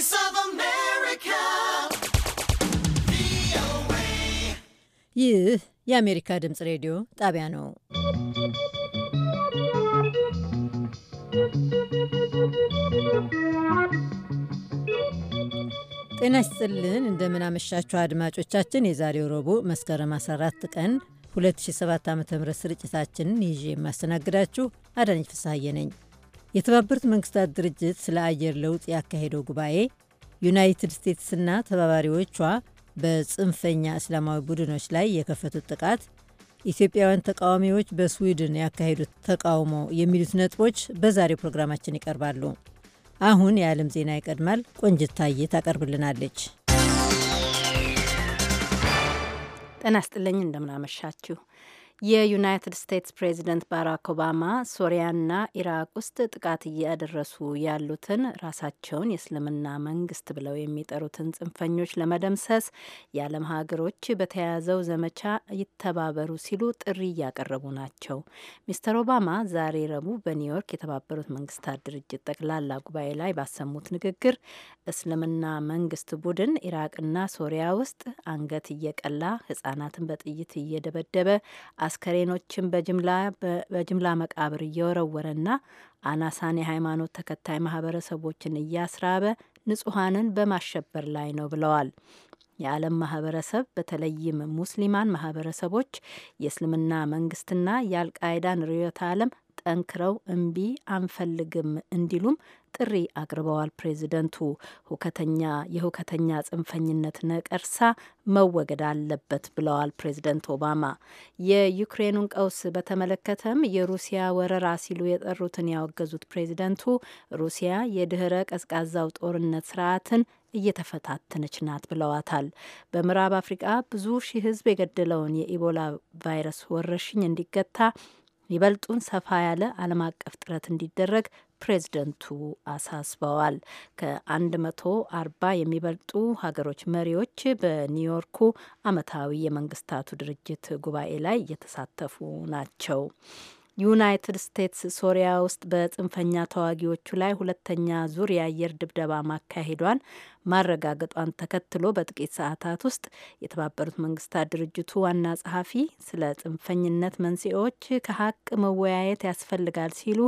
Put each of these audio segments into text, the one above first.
Voice of America. ይህ የአሜሪካ ድምፅ ሬዲዮ ጣቢያ ነው። ጤና ይስጥልን፣ እንደምናመሻችሁ አድማጮቻችን። የዛሬው ረቡዕ መስከረም 14 ቀን 2007 ዓ ም ስርጭታችንን ይዤ የማስተናግዳችሁ አዳነች ፍስሐዬ ነኝ። የተባበሩት መንግስታት ድርጅት ስለ አየር ለውጥ ያካሄደው ጉባኤ ዩናይትድ ስቴትስና ተባባሪዎቿ በጽንፈኛ እስላማዊ ቡድኖች ላይ የከፈቱት ጥቃት፣ ኢትዮጵያውያን ተቃዋሚዎች በስዊድን ያካሄዱት ተቃውሞ የሚሉት ነጥቦች በዛሬው ፕሮግራማችን ይቀርባሉ። አሁን የዓለም ዜና ይቀድማል። ቆንጅታዬ ታቀርብልናለች። ጤና ይስጥልኝ እንደምናመሻችሁ የዩናይትድ ስቴትስ ፕሬዚደንት ባራክ ኦባማ ሶሪያና ኢራቅ ውስጥ ጥቃት እያደረሱ ያሉትን ራሳቸውን የእስልምና መንግስት ብለው የሚጠሩትን ጽንፈኞች ለመደምሰስ የዓለም ሀገሮች በተያያዘው ዘመቻ ይተባበሩ ሲሉ ጥሪ እያቀረቡ ናቸው። ሚስተር ኦባማ ዛሬ ረቡዕ በኒውዮርክ የተባበሩት መንግስታት ድርጅት ጠቅላላ ጉባኤ ላይ ባሰሙት ንግግር እስልምና መንግስት ቡድን ኢራቅና ሶሪያ ውስጥ አንገት እየቀላ ህጻናትን በጥይት እየደበደበ አስከሬኖችን በጅምላ መቃብር እየወረወረና አናሳን የሃይማኖት ተከታይ ማህበረሰቦችን እያስራበ ንጹሐንን በማሸበር ላይ ነው ብለዋል። የዓለም ማህበረሰብ በተለይም ሙስሊማን ማህበረሰቦች የእስልምና መንግስትና የአልቃይዳን ርዕዮተ ዓለም ጠንክረው እምቢ አንፈልግም እንዲሉም ጥሪ አቅርበዋል። ፕሬዚደንቱ ሁከተኛ የሁከተኛ ጽንፈኝነት ነቀርሳ መወገድ አለበት ብለዋል ፕሬዚደንት ኦባማ። የዩክሬኑን ቀውስ በተመለከተም የሩሲያ ወረራ ሲሉ የጠሩትን ያወገዙት ፕሬዚደንቱ ሩሲያ የድህረ ቀዝቃዛው ጦርነት ስርዓትን እየተፈታተነች ናት ብለዋታል። በምዕራብ አፍሪቃ ብዙ ሺህ ህዝብ የገደለውን የኢቦላ ቫይረስ ወረርሽኝ እንዲገታ ይበልጡን ሰፋ ያለ ዓለም አቀፍ ጥረት እንዲደረግ ፕሬዝደንቱ አሳስበዋል። ከ140 የሚበልጡ ሀገሮች መሪዎች በኒውዮርኩ ዓመታዊ የመንግስታቱ ድርጅት ጉባኤ ላይ እየተሳተፉ ናቸው። ዩናይትድ ስቴትስ ሶሪያ ውስጥ በጽንፈኛ ተዋጊዎቹ ላይ ሁለተኛ ዙር የአየር ድብደባ ማካሄዷን ማረጋገጧን ተከትሎ በጥቂት ሰዓታት ውስጥ የተባበሩት መንግስታት ድርጅቱ ዋና ጸሐፊ ስለ ጽንፈኝነት መንስኤዎች ከሀቅ መወያየት ያስፈልጋል ሲሉ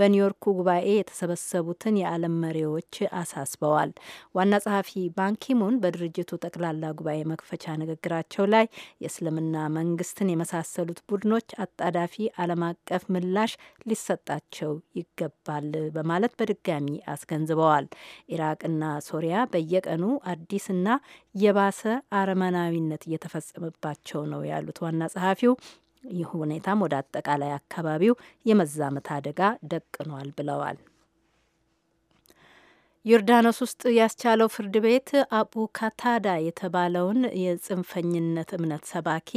በኒውዮርኩ ጉባኤ የተሰበሰቡትን የዓለም መሪዎች አሳስበዋል። ዋና ጸሐፊ ባንኪሙን በድርጅቱ ጠቅላላ ጉባኤ መክፈቻ ንግግራቸው ላይ የእስልምና መንግስትን የመሳሰሉት ቡድኖች አጣዳፊ ዓለም አቀፍ ምላሽ ሊሰጣቸው ይገባል በማለት በድጋሚ አስገንዝበዋል። ኢራቅና ሶሪያ በየቀኑ አዲስና የባሰ አረመናዊነት እየተፈጸመባቸው ነው ያሉት ዋና ጸሐፊው ይህ ሁኔታም ወደ አጠቃላይ አካባቢው የመዛመት አደጋ ደቅኗል ብለዋል። ዮርዳኖስ ውስጥ ያስቻለው ፍርድ ቤት አቡ ካታዳ የተባለውን የጽንፈኝነት እምነት ሰባኪ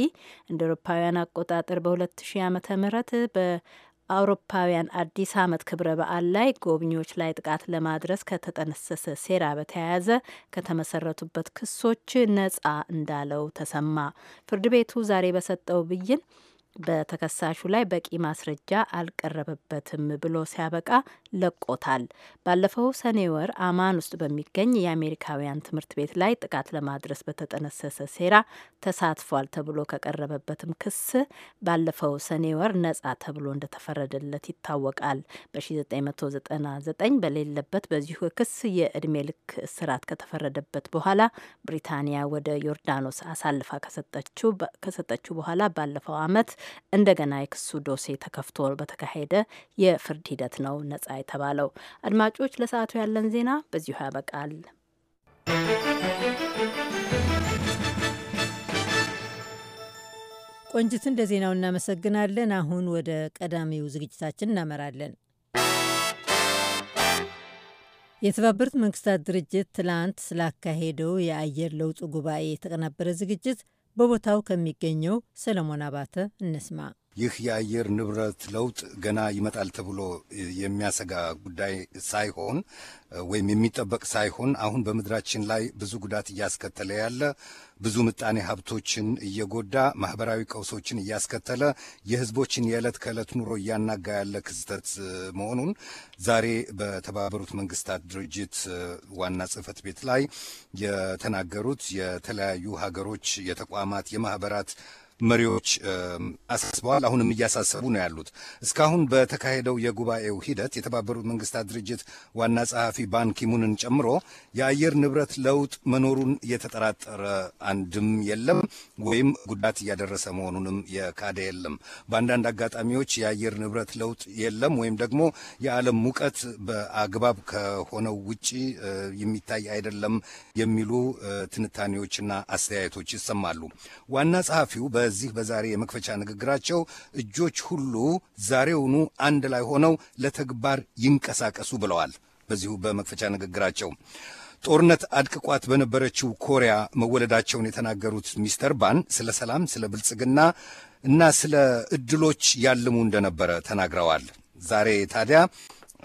እንደ አውሮፓውያን አቆጣጠር በ2000 ዓመተ ምህረት በአውሮፓውያን አዲስ ዓመት ክብረ በዓል ላይ ጎብኚዎች ላይ ጥቃት ለማድረስ ከተጠነሰሰ ሴራ በተያያዘ ከተመሰረቱበት ክሶች ነጻ እንዳለው ተሰማ። ፍርድ ቤቱ ዛሬ በሰጠው ብይን በተከሳሹ ላይ በቂ ማስረጃ አልቀረበበትም ብሎ ሲያበቃ ለቆታል። ባለፈው ሰኔ ወር አማን ውስጥ በሚገኝ የአሜሪካውያን ትምህርት ቤት ላይ ጥቃት ለማድረስ በተጠነሰሰ ሴራ ተሳትፏል ተብሎ ከቀረበበትም ክስ ባለፈው ሰኔ ወር ነጻ ተብሎ እንደተፈረደለት ይታወቃል። በ1999 በሌለበት በዚሁ ክስ የእድሜ ልክ እስራት ከተፈረደበት በኋላ ብሪታንያ ወደ ዮርዳኖስ አሳልፋ ከሰጠችው በኋላ ባለፈው አመት እንደገና የክሱ ዶሴ ተከፍቶ በተካሄደ የፍርድ ሂደት ነው ነጻ የተባለው። አድማጮች ለሰዓቱ ያለን ዜና በዚሁ ያበቃል። ቆንጅትን ለዜናው እናመሰግናለን። አሁን ወደ ቀዳሚው ዝግጅታችን እናመራለን። የተባበሩት መንግስታት ድርጅት ትላንት ስላካሄደው የአየር ለውጡ ጉባኤ የተቀናበረ ዝግጅት በቦታው ከሚገኘው ሰለሞን አባተ እንስማ። ይህ የአየር ንብረት ለውጥ ገና ይመጣል ተብሎ የሚያሰጋ ጉዳይ ሳይሆን ወይም የሚጠበቅ ሳይሆን አሁን በምድራችን ላይ ብዙ ጉዳት እያስከተለ ያለ ብዙ ምጣኔ ሀብቶችን እየጎዳ ማህበራዊ ቀውሶችን እያስከተለ የህዝቦችን የዕለት ከዕለት ኑሮ እያናጋ ያለ ክስተት መሆኑን ዛሬ በተባበሩት መንግስታት ድርጅት ዋና ጽህፈት ቤት ላይ የተናገሩት የተለያዩ ሀገሮች የተቋማት፣ የማህበራት መሪዎች አሳስበዋል። አሁንም እያሳሰቡ ነው ያሉት። እስካሁን በተካሄደው የጉባኤው ሂደት የተባበሩት መንግስታት ድርጅት ዋና ጸሐፊ ባንኪሙንን ጨምሮ የአየር ንብረት ለውጥ መኖሩን የተጠራጠረ አንድም የለም ወይም ጉዳት እያደረሰ መሆኑንም የካደ የለም። በአንዳንድ አጋጣሚዎች የአየር ንብረት ለውጥ የለም ወይም ደግሞ የዓለም ሙቀት በአግባብ ከሆነው ውጪ የሚታይ አይደለም የሚሉ ትንታኔዎችና አስተያየቶች ይሰማሉ። ዋና ጸሐፊው በ በዚህ በዛሬ የመክፈቻ ንግግራቸው እጆች ሁሉ ዛሬውኑ አንድ ላይ ሆነው ለተግባር ይንቀሳቀሱ ብለዋል። በዚሁ በመክፈቻ ንግግራቸው ጦርነት አድቅቋት በነበረችው ኮሪያ መወለዳቸውን የተናገሩት ሚስተር ባን ስለ ሰላም፣ ስለ ብልጽግና እና ስለ እድሎች ያልሙ እንደነበረ ተናግረዋል። ዛሬ ታዲያ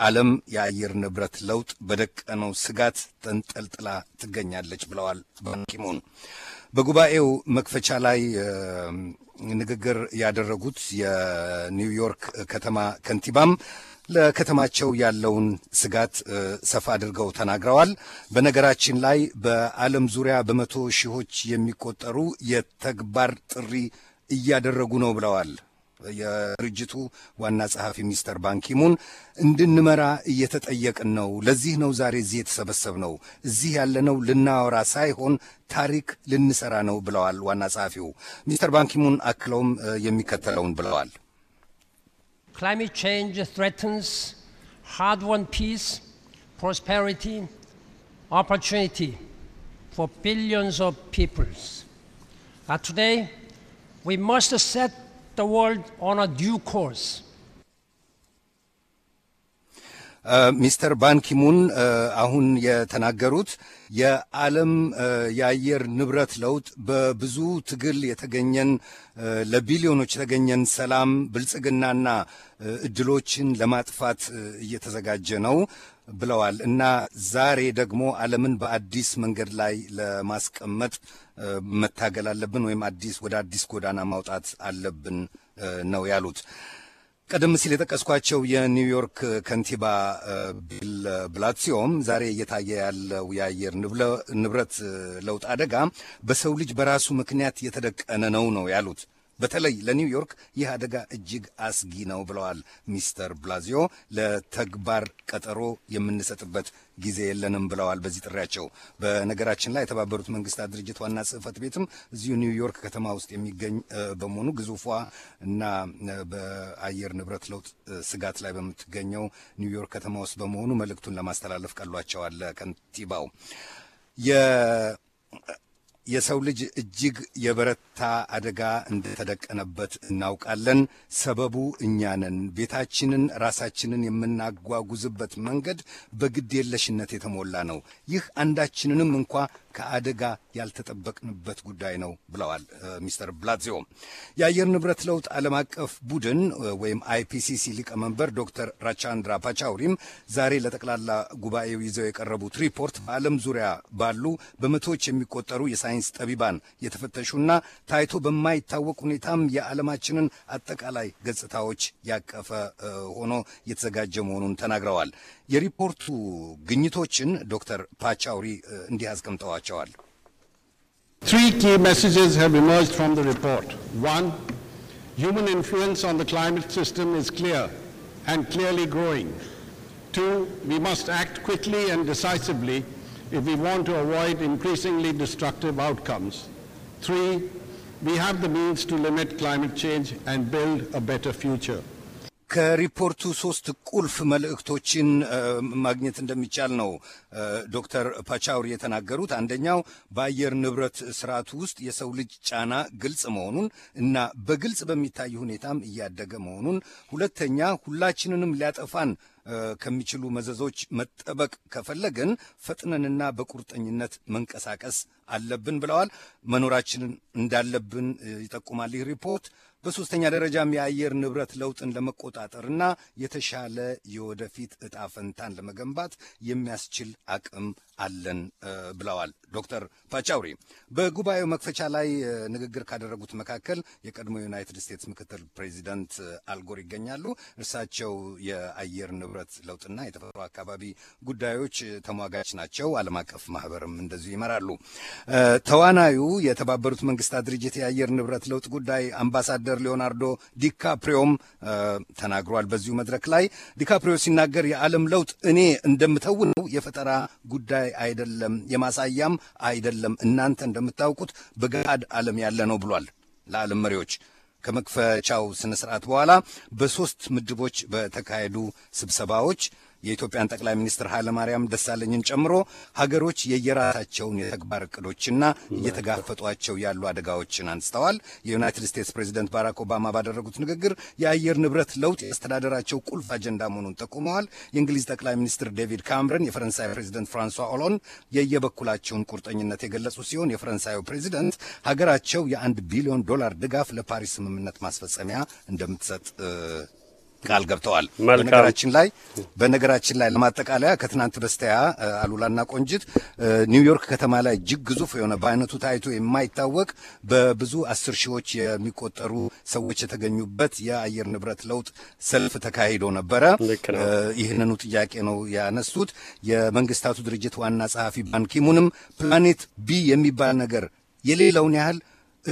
ዓለም የአየር ንብረት ለውጥ በደቀነው ስጋት ተንጠልጥላ ትገኛለች ብለዋል ባንኪሙን። በጉባኤው መክፈቻ ላይ ንግግር ያደረጉት የኒውዮርክ ከተማ ከንቲባም ለከተማቸው ያለውን ስጋት ሰፋ አድርገው ተናግረዋል። በነገራችን ላይ በዓለም ዙሪያ በመቶ ሺዎች የሚቆጠሩ የተግባር ጥሪ እያደረጉ ነው ብለዋል። የድርጅቱ ዋና ጸሐፊ ሚስተር ባንኪሙን እንድንመራ እየተጠየቅን ነው። ለዚህ ነው ዛሬ እዚህ የተሰበሰብነው። እዚህ ያለነው ልናወራ ሳይሆን ታሪክ ልንሰራ ነው ብለዋል ዋና ጸሐፊው። ሚስተር ባንኪሙን አክለውም የሚከተለውን ብለዋል። ክላይሜት ቼንጅ threatens hard-won peace, prosperity, opportunity for billions of peoples. And uh, today, we must the world on a due course. ሚስተር ባንኪሙን አሁን የተናገሩት የዓለም የአየር ንብረት ለውጥ በብዙ ትግል የተገኘን ለቢሊዮኖች የተገኘን ሰላም ብልጽግናና እድሎችን ለማጥፋት እየተዘጋጀ ነው ብለዋል እና ዛሬ ደግሞ ዓለምን በአዲስ መንገድ ላይ ለማስቀመጥ መታገል አለብን ወይም አዲስ ወደ አዲስ ጎዳና ማውጣት አለብን ነው ያሉት። ቀደም ሲል የጠቀስኳቸው የኒውዮርክ ከንቲባ ቢል ብላትሲዮም ዛሬ እየታየ ያለው የአየር ንብረት ለውጥ አደጋ በሰው ልጅ በራሱ ምክንያት የተደቀነ ነው ነው ያሉት። በተለይ ለኒውዮርክ ይህ አደጋ እጅግ አስጊ ነው ብለዋል ሚስተር ብላዚዮ። ለተግባር ቀጠሮ የምንሰጥበት ጊዜ የለንም ብለዋል በዚህ ጥሪያቸው። በነገራችን ላይ የተባበሩት መንግስታት ድርጅት ዋና ጽህፈት ቤትም እዚሁ ኒውዮርክ ከተማ ውስጥ የሚገኝ በመሆኑ ግዙፏ እና በአየር ንብረት ለውጥ ስጋት ላይ በምትገኘው ኒውዮርክ ከተማ ውስጥ በመሆኑ መልእክቱን ለማስተላለፍ ቀሏቸዋል ከንቲባው። የሰው ልጅ እጅግ የበረታ አደጋ እንደተደቀነበት እናውቃለን። ሰበቡ እኛንን ቤታችንን ራሳችንን የምናጓጉዝበት መንገድ በግድ የለሽነት የተሞላ ነው። ይህ አንዳችንንም እንኳ ከአደጋ ያልተጠበቅንበት ጉዳይ ነው ብለዋል ሚስተር ብላዚዮ። የአየር ንብረት ለውጥ ዓለም አቀፍ ቡድን ወይም አይፒሲሲ ሊቀመንበር ዶክተር ራቻንድራ ፓቻውሪም ዛሬ ለጠቅላላ ጉባኤው ይዘው የቀረቡት ሪፖርት በዓለም ዙሪያ ባሉ በመቶዎች የሚቆጠሩ የሳይንስ ጠቢባን የተፈተሹና ታይቶ በማይታወቅ ሁኔታም የዓለማችንን አጠቃላይ ገጽታዎች ያቀፈ ሆኖ የተዘጋጀ መሆኑን ተናግረዋል። የሪፖርቱ ግኝቶችን ዶክተር ፓቻውሪ እንዲህ አስቀምጠዋቸው Three key messages have emerged from the report. One, human influence on the climate system is clear and clearly growing. Two, we must act quickly and decisively if we want to avoid increasingly destructive outcomes. Three, we have the means to limit climate change and build a better future. ከሪፖርቱ ሶስት ቁልፍ መልእክቶችን ማግኘት እንደሚቻል ነው ዶክተር ፓቻውሪ የተናገሩት። አንደኛው በአየር ንብረት ስርዓቱ ውስጥ የሰው ልጅ ጫና ግልጽ መሆኑን እና በግልጽ በሚታይ ሁኔታም እያደገ መሆኑን፣ ሁለተኛ ሁላችንንም ሊያጠፋን ከሚችሉ መዘዞች መጠበቅ ከፈለግን ፈጥነንና በቁርጠኝነት መንቀሳቀስ አለብን ብለዋል። መኖራችንን እንዳለብን ይጠቁማል ይህ ሪፖርት። በሶስተኛ ደረጃም የአየር ንብረት ለውጥን ለመቆጣጠርና የተሻለ የወደፊት እጣ ፈንታን ለመገንባት የሚያስችል አቅም አለን ብለዋል ዶክተር ፓቻውሪ። በጉባኤው መክፈቻ ላይ ንግግር ካደረጉት መካከል የቀድሞ ዩናይትድ ስቴትስ ምክትል ፕሬዚዳንት አልጎር ይገኛሉ። እርሳቸው የአየር ንብረት ለውጥና የተፈጥሮ አካባቢ ጉዳዮች ተሟጋች ናቸው። ዓለም አቀፍ ማህበርም እንደዚሁ ይመራሉ። ተዋናዩ የተባበሩት መንግስታት ድርጅት የአየር ንብረት ለውጥ ጉዳይ አምባሳደር ሚኒስትር ሊዮናርዶ ዲካፕሪዮም ተናግሯል። በዚሁ መድረክ ላይ ዲካፕሪዮ ሲናገር የዓለም ለውጥ እኔ እንደምተውነው የፈጠራ ጉዳይ አይደለም፣ የማሳያም አይደለም። እናንተ እንደምታውቁት በገሃድ ዓለም ያለ ነው ብሏል ለዓለም መሪዎች። ከመክፈቻው ስነ ስርዓት በኋላ በሶስት ምድቦች በተካሄዱ ስብሰባዎች የኢትዮጵያን ጠቅላይ ሚኒስትር ኃይለማርያም ደሳለኝን ጨምሮ ሀገሮች የየራሳቸውን የተግባር እቅዶችና እየተጋፈጧቸው ያሉ አደጋዎችን አንስተዋል። የዩናይትድ ስቴትስ ፕሬዚደንት ባራክ ኦባማ ባደረጉት ንግግር የአየር ንብረት ለውጥ የአስተዳደራቸው ቁልፍ አጀንዳ መሆኑን ጠቁመዋል። የእንግሊዝ ጠቅላይ ሚኒስትር ዴቪድ ካምረን፣ የፈረንሳይ ፕሬዚደንት ፍራንሷ ኦሎን የየበኩላቸውን ቁርጠኝነት የገለጹ ሲሆን የፈረንሳዩ ፕሬዚደንት ሀገራቸው የአንድ ቢሊዮን ዶላር ድጋፍ ለፓሪስ ስምምነት ማስፈጸሚያ እንደምትሰጥ ቃል ገብተዋል። በነገራችን ላይ በነገራችን ላይ ለማጠቃለያ ከትናንት በስቲያ አሉላና ቆንጅት ኒውዮርክ ከተማ ላይ እጅግ ግዙፍ የሆነ በአይነቱ ታይቶ የማይታወቅ በብዙ አስር ሺዎች የሚቆጠሩ ሰዎች የተገኙበት የአየር ንብረት ለውጥ ሰልፍ ተካሂዶ ነበረ። ይህንኑ ጥያቄ ነው ያነሱት። የመንግስታቱ ድርጅት ዋና ጸሐፊ ባንኪሙንም ፕላኔት ቢ የሚባል ነገር የሌለውን ያህል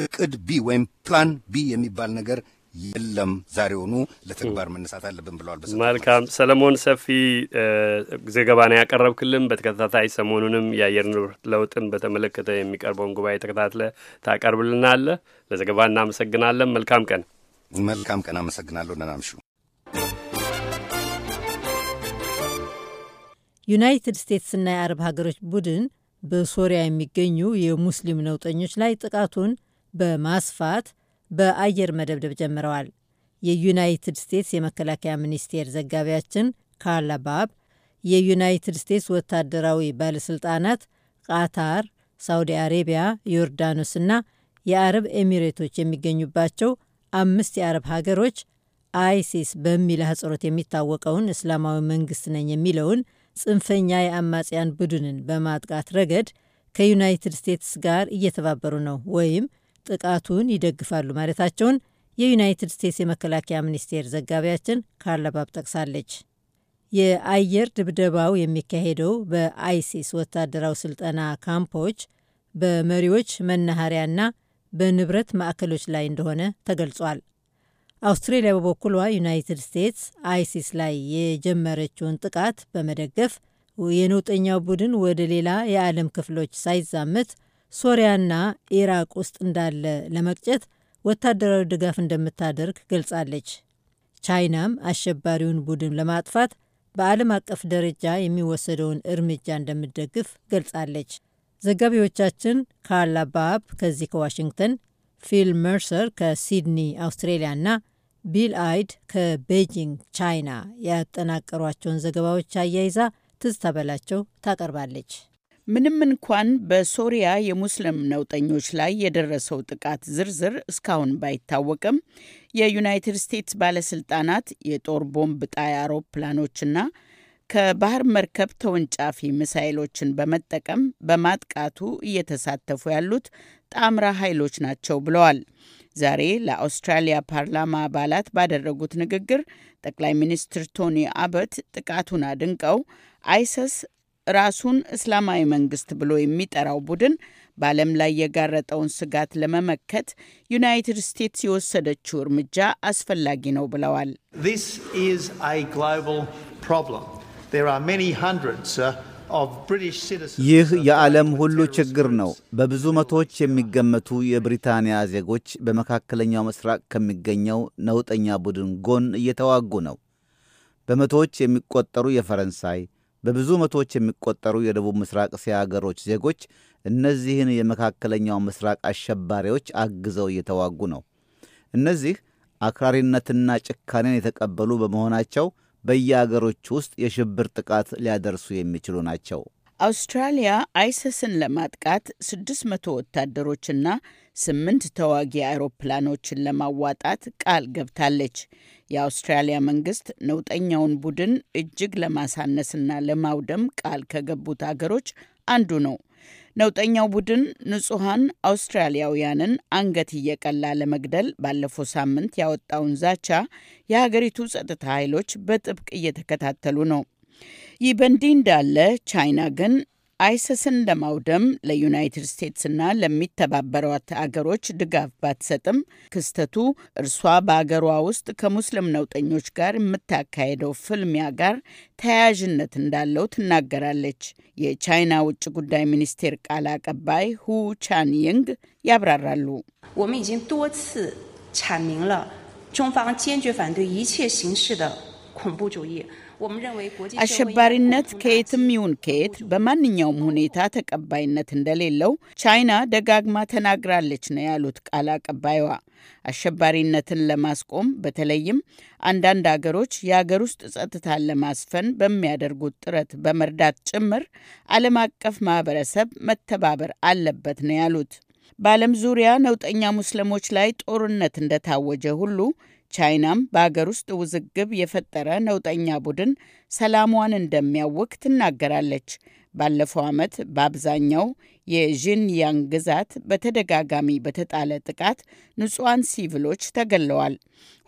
እቅድ ቢ ወይም ፕላን ቢ የሚባል ነገር የለም ዛሬውኑ ለተግባር መነሳት አለብን ብለዋል። መልካም ሰለሞን፣ ሰፊ ዘገባ ነው ያቀረብክልን። በተከታታይ ሰሞኑንም የአየር ንብረት ለውጥን በተመለከተ የሚቀርበውን ጉባኤ ተከታትለ ታቀርብልናለ። ለዘገባ እናመሰግናለን። መልካም ቀን። መልካም ቀን። አመሰግናለሁ። ነናምሹ ዩናይትድ ስቴትስና የአረብ ሀገሮች ቡድን በሶሪያ የሚገኙ የሙስሊም ነውጠኞች ላይ ጥቃቱን በማስፋት በአየር መደብደብ ጀምረዋል። የዩናይትድ ስቴትስ የመከላከያ ሚኒስቴር ዘጋቢያችን ካርላ ባብ የዩናይትድ ስቴትስ ወታደራዊ ባለሥልጣናት ቃታር፣ ሳውዲ አሬቢያ፣ ዮርዳኖስና የአረብ ኤሚሬቶች የሚገኙባቸው አምስት የአረብ ሀገሮች አይሲስ በሚል አህጽሮት የሚታወቀውን እስላማዊ መንግስት ነኝ የሚለውን ጽንፈኛ የአማጽያን ቡድንን በማጥቃት ረገድ ከዩናይትድ ስቴትስ ጋር እየተባበሩ ነው ወይም ጥቃቱን ይደግፋሉ ማለታቸውን የዩናይትድ ስቴትስ የመከላከያ ሚኒስቴር ዘጋቢያችን ካርለባብ ጠቅሳለች። የአየር ድብደባው የሚካሄደው በአይሲስ ወታደራዊ ስልጠና ካምፖች፣ በመሪዎች መናኸሪያና በንብረት ማዕከሎች ላይ እንደሆነ ተገልጿል። አውስትሬሊያ በበኩሏ ዩናይትድ ስቴትስ አይሲስ ላይ የጀመረችውን ጥቃት በመደገፍ የነውጠኛው ቡድን ወደ ሌላ የዓለም ክፍሎች ሳይዛመት ሶሪያና ኢራቅ ውስጥ እንዳለ ለመቅጨት ወታደራዊ ድጋፍ እንደምታደርግ ገልጻለች። ቻይናም አሸባሪውን ቡድን ለማጥፋት በዓለም አቀፍ ደረጃ የሚወሰደውን እርምጃ እንደምትደግፍ ገልጻለች። ዘጋቢዎቻችን ካርላ ባብ ከዚህ ከዋሽንግተን፣ ፊል መርሰር ከሲድኒ አውስትሬሊያና ቢል አይድ ከቤጂንግ ቻይና ያጠናቀሯቸውን ዘገባዎች አያይዛ ትዝታ በላቸው ታቀርባለች። ምንም እንኳን በሶሪያ የሙስሊም ነውጠኞች ላይ የደረሰው ጥቃት ዝርዝር እስካሁን ባይታወቅም የዩናይትድ ስቴትስ ባለስልጣናት የጦር ቦምብ ጣይ አውሮፕላኖችና ከባህር መርከብ ተወንጫፊ ሚሳይሎችን በመጠቀም በማጥቃቱ እየተሳተፉ ያሉት ጣምራ ኃይሎች ናቸው ብለዋል። ዛሬ ለአውስትራሊያ ፓርላማ አባላት ባደረጉት ንግግር ጠቅላይ ሚኒስትር ቶኒ አበት ጥቃቱን አድንቀው አይሰስ ራሱን እስላማዊ መንግስት ብሎ የሚጠራው ቡድን በዓለም ላይ የጋረጠውን ስጋት ለመመከት ዩናይትድ ስቴትስ የወሰደችው እርምጃ አስፈላጊ ነው ብለዋል። uh, ይህ የዓለም ሁሉ ችግር ነው። በብዙ መቶዎች የሚገመቱ የብሪታንያ ዜጎች በመካከለኛው ምስራቅ ከሚገኘው ነውጠኛ ቡድን ጎን እየተዋጉ ነው። በመቶዎች የሚቆጠሩ የፈረንሳይ በብዙ መቶዎች የሚቆጠሩ የደቡብ ምስራቅ እስያ አገሮች ዜጎች እነዚህን የመካከለኛው ምስራቅ አሸባሪዎች አግዘው እየተዋጉ ነው። እነዚህ አክራሪነትና ጭካኔን የተቀበሉ በመሆናቸው በየአገሮች ውስጥ የሽብር ጥቃት ሊያደርሱ የሚችሉ ናቸው። አውስትራሊያ አይሰስን ለማጥቃት 600 ወታደሮችና ስምንት ተዋጊ አውሮፕላኖችን ለማዋጣት ቃል ገብታለች። የአውስትራሊያ መንግስት ነውጠኛውን ቡድን እጅግ ለማሳነስና ለማውደም ቃል ከገቡት አገሮች አንዱ ነው። ነውጠኛው ቡድን ንጹሐን አውስትራሊያውያንን አንገት እየቀላ ለመግደል ባለፈው ሳምንት ያወጣውን ዛቻ የሀገሪቱ ጸጥታ ኃይሎች በጥብቅ እየተከታተሉ ነው። ይህ በእንዲህ እንዳለ ቻይና ግን አይስስን ለማውደም ለዩናይትድ ስቴትስና ለሚተባበሯት አገሮች ድጋፍ ባትሰጥም ክስተቱ እርሷ በአገሯ ውስጥ ከሙስሊም ነውጠኞች ጋር የምታካሄደው ፍልሚያ ጋር ተያያዥነት እንዳለው ትናገራለች። የቻይና ውጭ ጉዳይ ሚኒስቴር ቃል አቀባይ ሁ ቻንይንግ ያብራራሉ። ወመን አሸባሪነት ከየትም ይሁን ከየት በማንኛውም ሁኔታ ተቀባይነት እንደሌለው ቻይና ደጋግማ ተናግራለች ነው ያሉት ቃል አቀባይዋ። አሸባሪነትን ለማስቆም በተለይም አንዳንድ አገሮች የአገር ውስጥ ጸጥታን ለማስፈን በሚያደርጉት ጥረት በመርዳት ጭምር ዓለም አቀፍ ማህበረሰብ መተባበር አለበት ነው ያሉት። በዓለም ዙሪያ ነውጠኛ ሙስሊሞች ላይ ጦርነት እንደታወጀ ሁሉ ቻይናም በአገር ውስጥ ውዝግብ የፈጠረ ነውጠኛ ቡድን ሰላሟን እንደሚያውክ ትናገራለች። ባለፈው ዓመት በአብዛኛው የዢንያንግ ግዛት በተደጋጋሚ በተጣለ ጥቃት ንጹሐን ሲቪሎች ተገለዋል።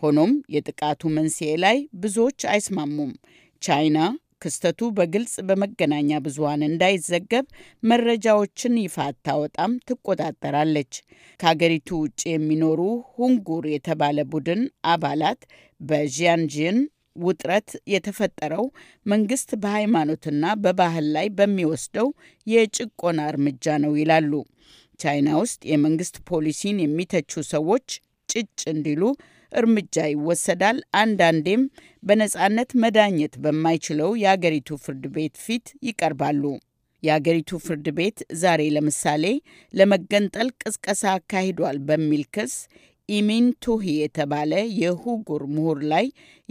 ሆኖም የጥቃቱ መንስኤ ላይ ብዙዎች አይስማሙም። ቻይና ክስተቱ በግልጽ በመገናኛ ብዙሃን እንዳይዘገብ መረጃዎችን ይፋ አታወጣም፣ ትቆጣጠራለች። ከአገሪቱ ውጭ የሚኖሩ ሁንጉር የተባለ ቡድን አባላት በዣንጂን ውጥረት የተፈጠረው መንግስት በሃይማኖትና በባህል ላይ በሚወስደው የጭቆና እርምጃ ነው ይላሉ። ቻይና ውስጥ የመንግስት ፖሊሲን የሚተቹ ሰዎች ጭጭ እንዲሉ እርምጃ ይወሰዳል። አንዳንዴም በነጻነት መዳኘት በማይችለው የአገሪቱ ፍርድ ቤት ፊት ይቀርባሉ። የአገሪቱ ፍርድ ቤት ዛሬ ለምሳሌ ለመገንጠል ቅስቀሳ አካሂዷል በሚል ክስ ኢሚን ቱሂ የተባለ የሁጉር ምሁር ላይ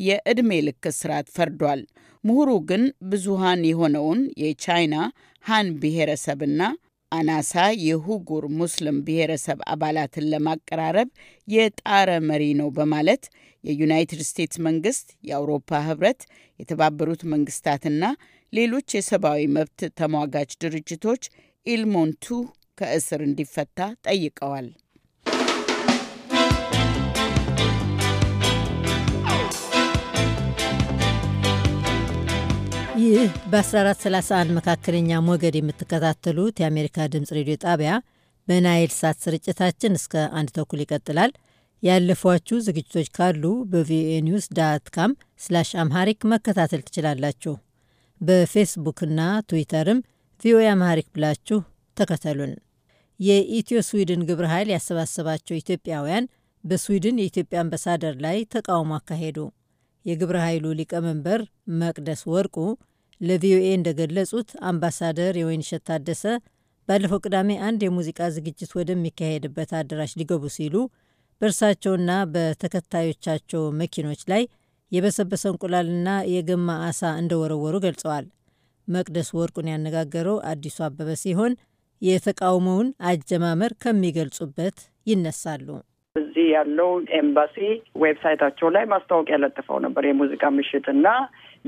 የዕድሜ ልክ እስራት ፈርዷል። ምሁሩ ግን ብዙሃን የሆነውን የቻይና ሃን ብሔረሰብና አናሳ የሁጉር ሙስሊም ብሔረሰብ አባላትን ለማቀራረብ የጣረ መሪ ነው በማለት የዩናይትድ ስቴትስ መንግስት፣ የአውሮፓ ህብረት፣ የተባበሩት መንግስታትና ሌሎች የሰብአዊ መብት ተሟጋች ድርጅቶች ኢልሞንቱ ከእስር እንዲፈታ ጠይቀዋል። ይህ በ1431 መካከለኛ ሞገድ የምትከታተሉት የአሜሪካ ድምፅ ሬዲዮ ጣቢያ በናይል ሳት ስርጭታችን እስከ አንድ ተኩል ይቀጥላል። ያለፏችሁ ዝግጅቶች ካሉ በቪኦኤ ኒውስ ዳት ካም ስላሽ አምሃሪክ መከታተል ትችላላችሁ። በፌስቡክና ትዊተርም ቪኦኤ አምሃሪክ ብላችሁ ተከተሉን። የኢትዮ ስዊድን ግብረ ኃይል ያሰባሰባቸው ኢትዮጵያውያን በስዊድን የኢትዮጵያ አምባሳደር ላይ ተቃውሞ አካሄዱ። የግብረ ኃይሉ ሊቀመንበር መቅደስ ወርቁ ለቪኦኤ እንደገለጹት አምባሳደር የወይንሸት ታደሰ ባለፈው ቅዳሜ አንድ የሙዚቃ ዝግጅት ወደሚካሄድበት አዳራሽ ሊገቡ ሲሉ በእርሳቸውና በተከታዮቻቸው መኪኖች ላይ የበሰበሰ እንቁላልና የገማ አሳ እንደወረወሩ ገልጸዋል። መቅደስ ወርቁን ያነጋገረው አዲሱ አበበ ሲሆን የተቃውሞውን አጀማመር ከሚገልጹበት ይነሳሉ። እዚህ ያለው ኤምባሲ ዌብሳይታቸው ላይ ማስታወቂያ ለጥፈው ነበር የሙዚቃ ምሽት እና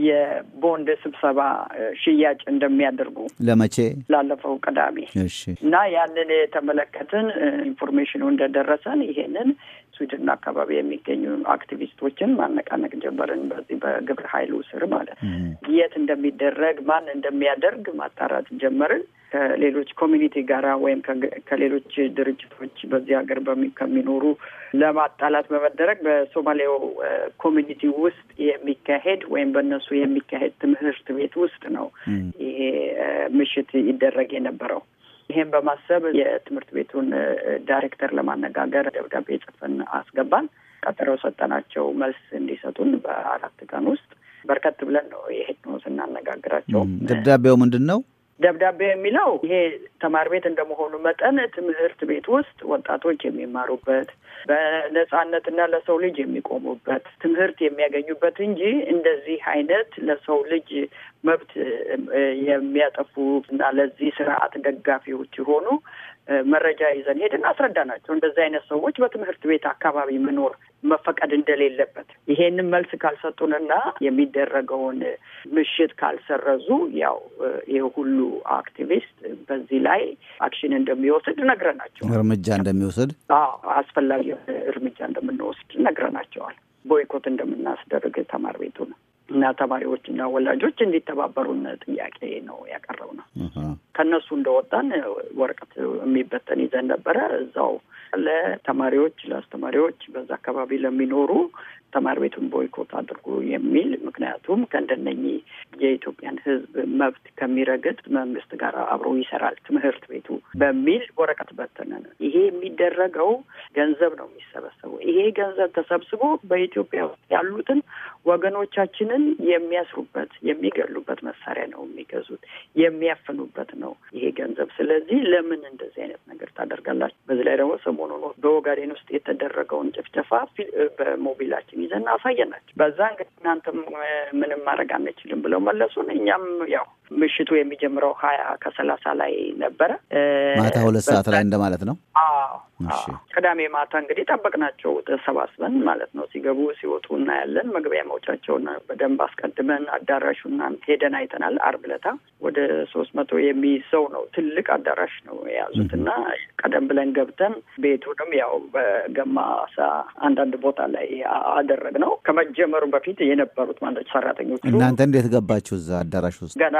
የቦንድ ስብሰባ ሽያጭ እንደሚያደርጉ ለመቼ ላለፈው ቅዳሜ እና ያንን የተመለከትን ኢንፎርሜሽኑ እንደደረሰን ይሄንን ስዊድን አካባቢ የሚገኙ አክቲቪስቶችን ማነቃነቅ ጀመርን። በዚህ በግብረ ኃይሉ ስር ማለት የት እንደሚደረግ ማን እንደሚያደርግ ማጣራት ጀመርን። ከሌሎች ኮሚኒቲ ጋራ ወይም ከሌሎች ድርጅቶች በዚህ ሀገር ከሚኖሩ ለማጣላት በመደረግ በሶማሌው ኮሚኒቲ ውስጥ የሚካሄድ ወይም በእነሱ የሚካሄድ ትምህርት ቤት ውስጥ ነው ይሄ ምሽት ይደረግ የነበረው። ይሄን በማሰብ የትምህርት ቤቱን ዳይሬክተር ለማነጋገር ደብዳቤ ጽፈን አስገባን። ቀጠሮ ሰጠናቸው መልስ እንዲሰጡን በአራት ቀን ውስጥ በርከት ብለን ነው የሄድነው ስናነጋግራቸው። ደብዳቤው ምንድን ነው? ደብዳቤ የሚለው ይሄ ተማሪ ቤት እንደመሆኑ መጠን ትምህርት ቤት ውስጥ ወጣቶች የሚማሩበት በነጻነትና ለሰው ልጅ የሚቆሙበት ትምህርት የሚያገኙበት እንጂ እንደዚህ አይነት ለሰው ልጅ መብት የሚያጠፉ እና ለዚህ ስርዓት ደጋፊዎች የሆኑ መረጃ ይዘን ሄደን አስረዳናቸው። እንደዚህ አይነት ሰዎች በትምህርት ቤት አካባቢ መኖር መፈቀድ እንደሌለበት ይሄንን መልስ ካልሰጡንና የሚደረገውን ምሽት ካልሰረዙ ያው ይህ ሁሉ አክቲቪስት በዚህ ላይ አክሽን እንደሚወስድ ነግረናቸዋል። እርምጃ እንደሚወስድ አስፈላጊ እርምጃ እንደምንወስድ ነግረናቸዋል። ቦይኮት እንደምናስደርግ ተማር ቤቱ ነው እና ተማሪዎች እና ወላጆች እንዲተባበሩን ጥያቄ ነው ያቀረብ ነው። ከእነሱ እንደወጣን ወረቀት የሚበተን ይዘን ነበረ። እዛው ለተማሪዎች ለአስተማሪዎች፣ በዛ አካባቢ ለሚኖሩ ተማሪ ቤቱን ቦይኮት አድርጉ የሚል ምክንያቱም ከእንደነኚህ የኢትዮጵያን ሕዝብ መብት ከሚረግጥ መንግስት ጋር አብሮ ይሰራል ትምህርት ቤቱ በሚል ወረቀት በተነ። ይሄ የሚደረገው ገንዘብ ነው የሚሰበሰበው። ይሄ ገንዘብ ተሰብስቦ በኢትዮጵያ ውስጥ ያሉትን ወገኖቻችንን የሚያስሩበት የሚገሉበት መሳሪያ ነው የሚገዙት፣ የሚያፍኑበት ነው ይሄ ገንዘብ። ስለዚህ ለምን እንደዚህ አይነት ነገር ታደርጋላችሁ? በዚህ ላይ ደግሞ ሰሞኑን በኦጋዴን ውስጥ የተደረገውን ጭፍጨፋ በሞቢላችን ይዘን አሳየናቸው። በዛ እንግዲህ እናንተም ምንም ማድረግ አንችልም ብለው መለሱን። እኛም ያው ምሽቱ የሚጀምረው ሀያ ከሰላሳ ላይ ነበረ ማታ ሁለት ሰዓት ላይ እንደማለት ነው። አዎ ቅዳሜ ማታ እንግዲህ ጠበቅናቸው ተሰባስበን ማለት ነው። ሲገቡ ሲወጡ እናያለን። መግቢያ መውጫቸውን በደንብ አስቀድመን አዳራሹና ሄደን አይተናል። አርብ ወደ ሶስት መቶ የሚይዝ ሰው ነው። ትልቅ አዳራሽ ነው የያዙት እና ቀደም ብለን ገብተን ቤቱንም ያው በገማሳ አንዳንድ ቦታ ላይ አደረግ ነው። ከመጀመሩ በፊት የነበሩት ማለት ሰራተኞቹ። እናንተ እንዴት ገባችሁ እዛ አዳራሽ ውስጥ? ገና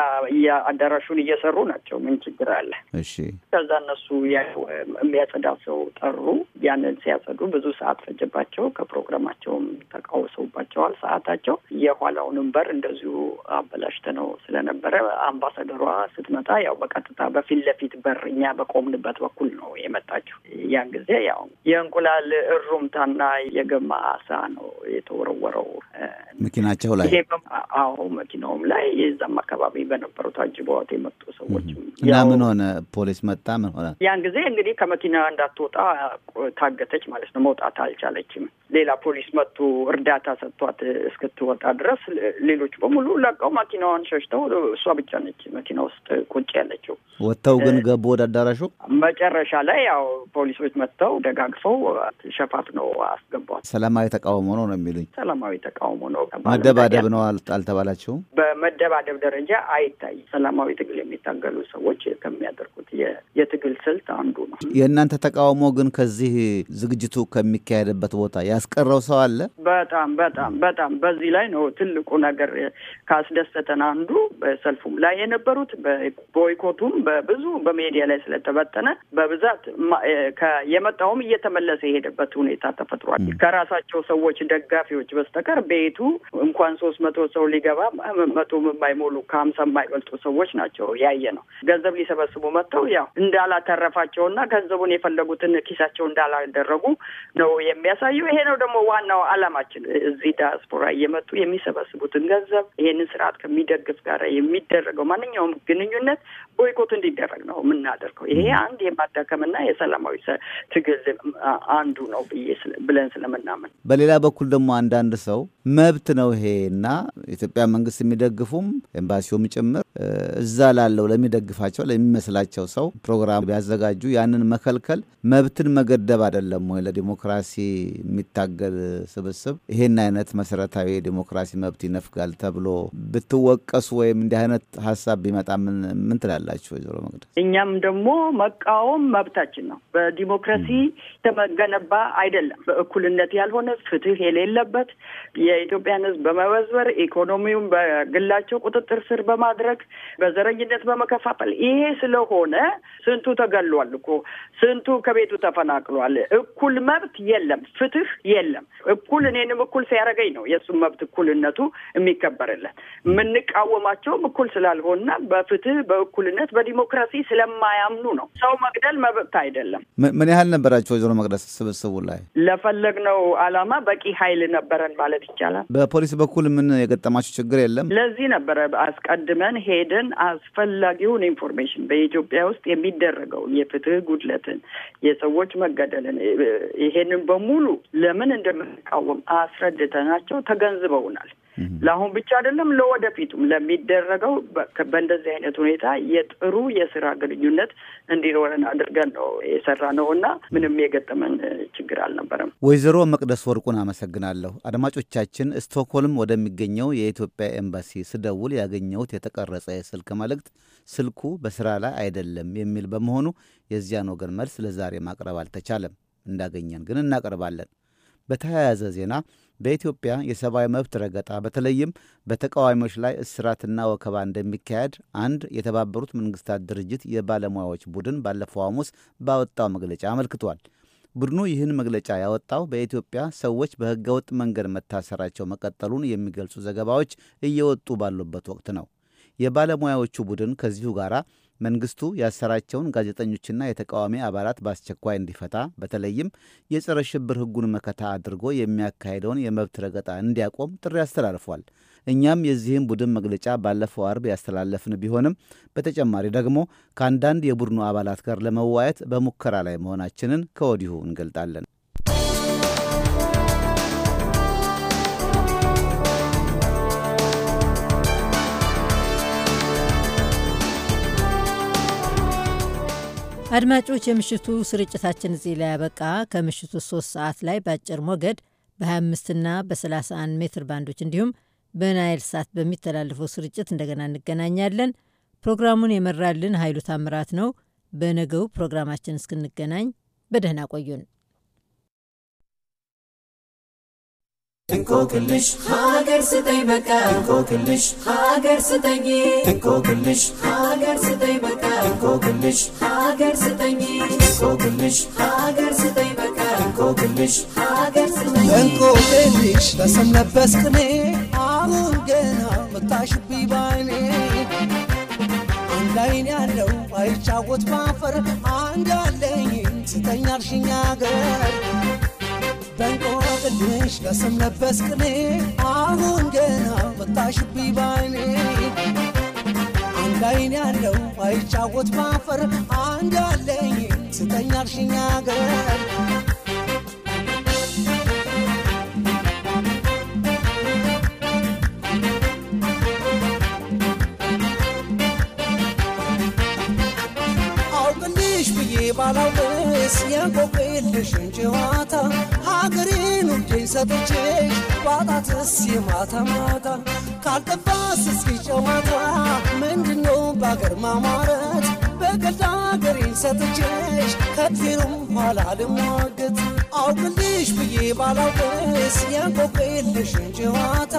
አዳራሹን እየሰሩ ናቸው። ምን ችግር አለ? እሺ። ከዛ እነሱ የሚያጸዳ ሰው ጠሩ። ያንን ሲያጸዱ ብዙ ሰዓት ፈጀባቸው። ከፕሮግራማቸውም ተቃውሰውባቸዋል ሰዓታቸው። የኋላውንም በር እንደዚሁ አበላሽተ ነው ስለነበረ አምባሳደሯ ስትመጣ ያው በቀጥታ በፊት ለፊት በር እኛ በቆምንበት በኩል ነው የመጣችው። ያን ጊዜ ያው የእንቁላል እሩምታና የገማ አሳ ነው የተወረወረው መኪናቸው ላይ። አዎ መኪናውም ላይ የዛም አካባቢ በነበሩት አጅበዋት የመጡ ሰዎች እና ምን ሆነ? ፖሊስ መጣ። ምን ሆነ? ያን ጊዜ እንግዲህ ከመኪና እንዳትወጣ ታገተች ማለት ነው። መውጣት አልቻለችም። ሌላ ፖሊስ መጥቶ እርዳታ ሰጥቷት እስክትወጣ ድረስ ሌሎች በሙሉ ለቀው መኪናዋን ሸሽተው እሷ ብቻ ነች መኪና ውስጥ ቁጭ ያለችው። ወጥተው ግን ገቡ ወደ አዳራሹ። መጨረሻ ላይ ያው ፖሊሶች መጥተው ደጋግፈው ሸፋት ነው አስገቧት። ሰላማዊ ተቃውሞ ነው ነው የሚሉኝ። ሰላማዊ ተቃውሞ ነው። መደባደብ ነው አልተባላቸውም በመደባደብ ደረጃ አይታይ። ሰላማዊ ትግል የሚታገሉ ሰዎች ከሚያደርጉት የትግል ስልት አንዱ ነው። የእናንተ ተቃውሞ ግን ከዚህ ዝግጅቱ ከሚካሄድበት ቦታ ያስቀረው ሰው አለ። በጣም በጣም በጣም በዚህ ላይ ነው ትልቁ ነገር ካስደሰተን አንዱ በሰልፉም ላይ የነበሩት ቦይኮቱም በብዙ በሜዲያ ላይ ስለተበተነ በብዛት የመጣውም እየተመለሰ የሄደበት ሁኔታ ተፈጥሯል። ከራሳቸው ሰዎች ደጋፊዎች በስተቀር ቤቱ እንኳን ሶስት መቶ ሰው ሊገባ መቶ የማይሞሉ ከሀምሳ የማይበልጡ ሰዎች ናቸው ያየ ነው። ገንዘብ ሊሰበስቡ መጥተው ያው እንዳላተረፋቸውና ገንዘቡን የፈለጉትን ኪሳቸው እንዳላደረጉ ነው የሚያሳየው ይሄ ነው ደግሞ ዋናው አላማችን እዚህ ዲያስፖራ እየመጡ የሚሰበስቡትን ገንዘብ ይሄንን ስርዓት ከሚደግፍ ጋር የሚደረገው ማንኛውም ግንኙነት ቦይኮት እንዲደረግ ነው የምናደርገው። ይሄ አንድ የማዳከምና የሰላማዊ ትግል አንዱ ነው ብዬ ብለን ስለምናምን፣ በሌላ በኩል ደግሞ አንዳንድ ሰው መብት ነው ይሄ እና ኢትዮጵያ መንግስት የሚደግፉም ኤምባሲውም ጭምር እዛ ላለው ለሚደግፋቸው ለሚመስላቸው ሰው ፕሮግራም ቢያዘጋጁ ያንን መከልከል መብትን መገደብ አይደለም ወይ? ለዲሞክራሲ የሚታገል ስብስብ ይሄን አይነት መሰረታዊ የዲሞክራሲ መብት ይነፍጋል ተብሎ ብትወቀሱ ወይም እንዲህ አይነት ሀሳብ ቢመጣ ምን ትላለ? ትላላችሁ ወይዘሮ መቅደስ? እኛም ደግሞ መቃወም መብታችን ነው። በዲሞክራሲ የተገነባ አይደለም። በእኩልነት ያልሆነ ፍትህ የሌለበት የኢትዮጵያን ሕዝብ በመበዝበር ኢኮኖሚውን በግላቸው ቁጥጥር ስር በማድረግ በዘረኝነት በመከፋፈል ይሄ ስለሆነ ስንቱ ተገሏል እኮ ስንቱ ከቤቱ ተፈናቅሏል። እኩል መብት የለም፣ ፍትህ የለም። እኩል እኔንም እኩል ሲያደርገኝ ነው የእሱ መብት እኩልነቱ የሚከበርለት። የምንቃወማቸውም እኩል ስላልሆንና በፍትህ በእኩልነት በነጻነት በዲሞክራሲ ስለማያምኑ ነው። ሰው መግደል መብት አይደለም። ምን ያህል ነበራቸው ወይዘሮ መቅደስ? ስብስቡ ላይ ለፈለግነው አላማ በቂ ኃይል ነበረን ማለት ይቻላል። በፖሊስ በኩል ምን የገጠማቸው ችግር የለም? ለዚህ ነበረ አስቀድመን ሄደን አስፈላጊውን ኢንፎርሜሽን በኢትዮጵያ ውስጥ የሚደረገውን የፍትህ ጉድለትን፣ የሰዎች መገደልን ይሄንን በሙሉ ለምን እንደምንቃወም አስረድተናቸው ተገንዝበውናል። ለአሁን ብቻ አይደለም፣ ለወደፊቱም ለሚደረገው በእንደዚህ አይነት ሁኔታ የጥሩ የስራ ግንኙነት እንዲኖረን አድርገን ነው የሰራ ነው እና ምንም የገጠመን ችግር አልነበረም። ወይዘሮ መቅደስ ወርቁን አመሰግናለሁ። አድማጮቻችን፣ ስቶክሆልም ወደሚገኘው የኢትዮጵያ ኤምባሲ ስደውል ያገኘሁት የተቀረጸ የስልክ መልእክት ስልኩ በስራ ላይ አይደለም የሚል በመሆኑ የዚያን ወገን መልስ ለዛሬ ማቅረብ አልተቻለም። እንዳገኘን ግን እናቀርባለን። በተያያዘ ዜና በኢትዮጵያ የሰብአዊ መብት ረገጣ በተለይም በተቃዋሚዎች ላይ እስራትና ወከባ እንደሚካሄድ አንድ የተባበሩት መንግስታት ድርጅት የባለሙያዎች ቡድን ባለፈው ሐሙስ ባወጣው መግለጫ አመልክቷል። ቡድኑ ይህን መግለጫ ያወጣው በኢትዮጵያ ሰዎች በህገወጥ መንገድ መታሰራቸው መቀጠሉን የሚገልጹ ዘገባዎች እየወጡ ባሉበት ወቅት ነው። የባለሙያዎቹ ቡድን ከዚሁ ጋር መንግስቱ ያሰራቸውን ጋዜጠኞችና የተቃዋሚ አባላት በአስቸኳይ እንዲፈታ በተለይም የጸረ ሽብር ህጉን መከታ አድርጎ የሚያካሄደውን የመብት ረገጣ እንዲያቆም ጥሪ አስተላልፏል። እኛም የዚህም ቡድን መግለጫ ባለፈው አርብ ያስተላለፍን ቢሆንም በተጨማሪ ደግሞ ከአንዳንድ የቡድኑ አባላት ጋር ለመዋየት በሙከራ ላይ መሆናችንን ከወዲሁ እንገልጣለን። አድማጮች፣ የምሽቱ ስርጭታችን እዚህ ላይ ያበቃ። ከምሽቱ ሶስት ሰዓት ላይ በአጭር ሞገድ በ25ና በ31 ሜትር ባንዶች እንዲሁም በናይል ሳት በሚተላለፈው ስርጭት እንደገና እንገናኛለን። ፕሮግራሙን የመራልን ኃይሉ ታምራት ነው። በነገው ፕሮግራማችን እስክንገናኝ በደህና ቆዩን። እንቆቅልሽ ሀገር ስጠኝ በቃ እንቆቅልሽ ሀገር ስጠኝ እንቆቅልሽ ሀገር ስጠኝ በቃ እንቆቅልሽ ሀገር ስጠኝ እንቆቅልሽ ሀገር ስጠኝ በቃ እንቆቅልሽ ሀገር ስጠኝ እንቆቅልሽ ተሰነበስ ቅኔ አሁን ገና መታሽቢ ባይኔ አንድ አይን ያለው አይጫወት ባፈር አንድ አለኝ ስተኛ ገር ደንቆረ ትንሽ ከስም ለበስ ቅኔ አሁን ገና ወጣሽብኝ ባይኔ አንድ አይን ያለው አይጫወት ማፈር አንድ አለኝ ስጠኝ አልሽኝ አገር ባላውቅስ የቆቄ የፍቅርሽን ጨዋታ ሀገሬን ውዴን ሰጥቼሽ ባጣትስ የማታ ማታ ካልጠፋስ እስኪ ጨዋታ ምንድነው በአገር ማማረት በቀልድ ሀገሬን ሰጥቼሽ ከእግዜሩም ኋላ ልሟገት አውቅልሽ ብዬ ባላውቅስ የንቆቅልሽን ጨዋታ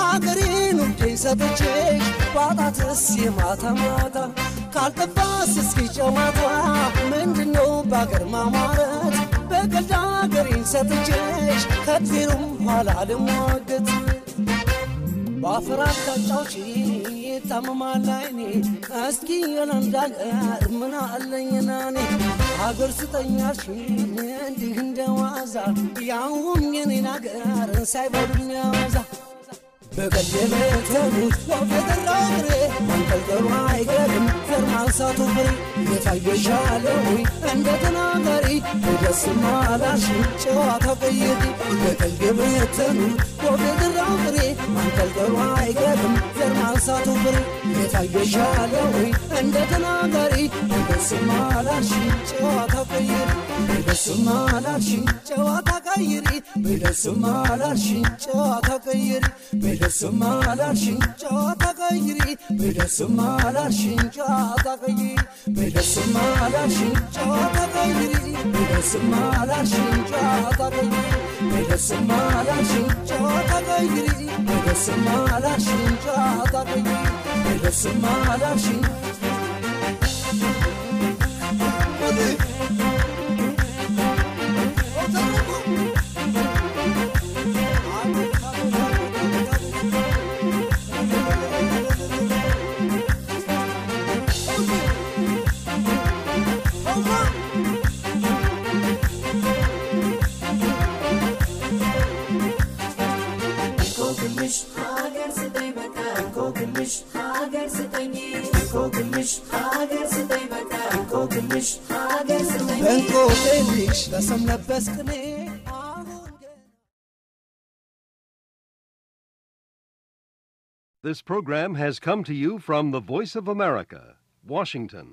ሀገሬን ውዴን ሰጥቼሽ ባጣትስ የማታ ማታ ካልጠፋስ እስኪ ጨዋታ ምንድነው በአገር ማማረት ለቀልድ አገሬን ሰጥቼሽ ከእግዜሩም ኋላ ልሟገት በአፈር አቅጣጫዎች ይጣመማል ዓይኔ እስኪ ያላንዳን ምን አለኝና እኔ አገር ስጠኛሽ እንዲህ እንደዋዛ ያውም የኔን አገር ሳይበሉኝ ያዋዛ በቀደመት ዘመን ያው የጠራ እግሬ ማንጠልጠሉ አይቀርም ዘር ማንሳቱ ፍሬ የታየሻለው እንደ ተናጋሪ ደስማ ላሽ ጨዋታ ቆየት በቀደመት ዘመን ያው የጠራ እግሬ ማንጠልጠሉ አይቀርም ዘር ማንሳቱ ፍሬ የታየሻለው እንደ ተናጋሪ ደስማ ላሽ ጨዋታ ቆየት በደስማ አላልሽኝ ጨዋታ ቀይሪ በደስማ አላልሽኝ ጨዋታ ቀይሪ በደስማ አላልሽኝ ጨዋታ ቀይሪ በደስማ አላልሽኝ ጨዋታ ቀይሪ በደስማ አላልሽኝ ጨዋታ ቀይሪ በደስማ አላልሽኝ ጨዋታ ቀይሪ በደስማ አላልሽኝ ጨዋታ ቀይሪ በደስማ አላልሽኝ ጨዋታ ቀይሪ በደስማ አላልሽኝ Thank you. ነሽ ለበስክኔ This program has come to you from the Voice of America, Washington.